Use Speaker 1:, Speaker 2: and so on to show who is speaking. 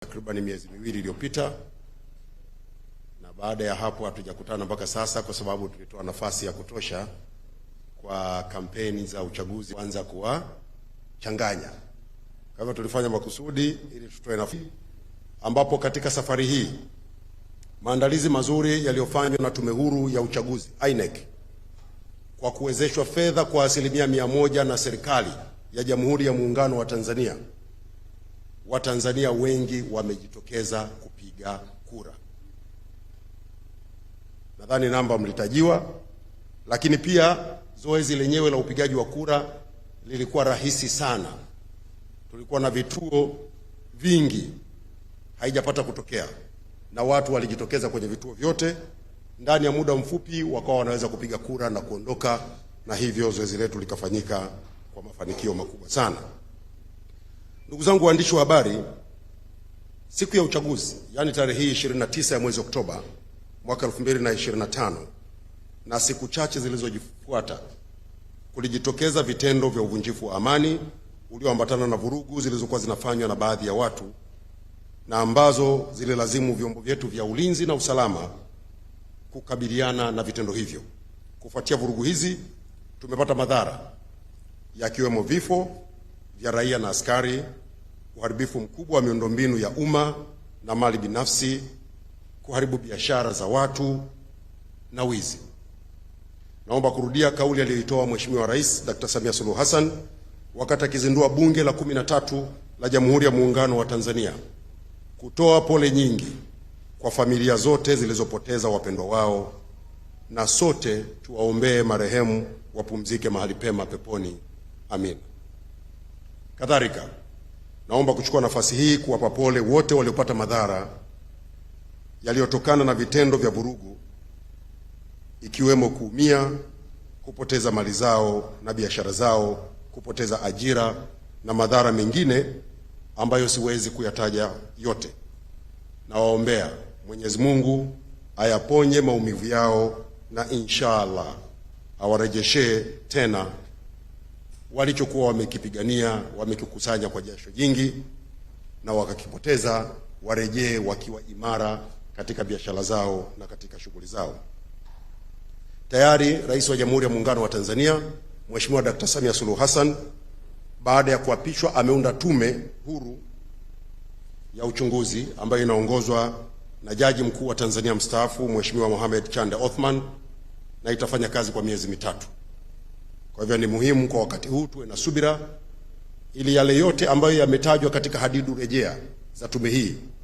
Speaker 1: takriban miezi miwili iliyopita, na baada ya hapo hatujakutana mpaka sasa, kwa sababu tulitoa nafasi ya kutosha kwa kampeni za uchaguzi kuanza kuwachanganya. Kwa hivyo tulifanya makusudi ili tutoe nafasi, ambapo katika safari hii maandalizi mazuri yaliyofanywa na Tume Huru ya Uchaguzi INEC kwa kuwezeshwa fedha kwa asilimia mia moja na serikali ya Jamhuri ya Muungano wa Tanzania Watanzania wengi wamejitokeza kupiga kura. Nadhani namba mlitajiwa, lakini pia zoezi lenyewe la upigaji wa kura lilikuwa rahisi sana. Tulikuwa na vituo vingi, haijapata kutokea, na watu walijitokeza kwenye vituo vyote, ndani ya muda mfupi wakawa wanaweza kupiga kura na kuondoka, na hivyo zoezi letu likafanyika kwa mafanikio makubwa sana. Ndugu zangu waandishi wa habari, siku ya uchaguzi, yaani tarehe hii 29 ya mwezi Oktoba mwaka 2025 na siku chache zilizojifuata, kulijitokeza vitendo vya uvunjifu wa amani ulioambatana na vurugu zilizokuwa zinafanywa na baadhi ya watu na ambazo zililazimu vyombo vyetu vya ulinzi na usalama kukabiliana na vitendo hivyo. Kufuatia vurugu hizi, tumepata madhara yakiwemo vifo vya raia na askari uharibifu mkubwa wa miundombinu ya umma na mali binafsi, kuharibu biashara za watu na wizi. Naomba kurudia kauli aliyoitoa Mheshimiwa Rais Dr. Samia Suluhu Hassan wakati akizindua Bunge la kumi na tatu la Jamhuri ya Muungano wa Tanzania, kutoa pole nyingi kwa familia zote zilizopoteza wapendwa wao, na sote tuwaombee marehemu wapumzike mahali pema peponi. Amina. Kadhalika Naomba kuchukua nafasi hii kuwapa pole wote waliopata madhara yaliyotokana na vitendo vya vurugu, ikiwemo kuumia, kupoteza mali zao na biashara zao, kupoteza ajira na madhara mengine ambayo siwezi kuyataja yote. Nawaombea Mwenyezi Mungu ayaponye maumivu yao na inshallah awarejeshe tena walichokuwa wamekipigania, wamekikusanya kwa jasho jingi na wakakipoteza, warejee wakiwa imara katika biashara zao na katika shughuli zao. Tayari Rais wa Jamhuri ya Muungano wa Tanzania Mheshimiwa Dkt. Samia Suluhu Hassan baada ya kuapishwa ameunda tume huru ya uchunguzi ambayo inaongozwa na Jaji Mkuu wa Tanzania mstaafu Mheshimiwa Mohamed Chande Othman na itafanya kazi kwa miezi mitatu. Kwa hivyo ni muhimu kwa wakati huu tuwe na subira ili yale yote ambayo yametajwa katika hadidu rejea za tume hii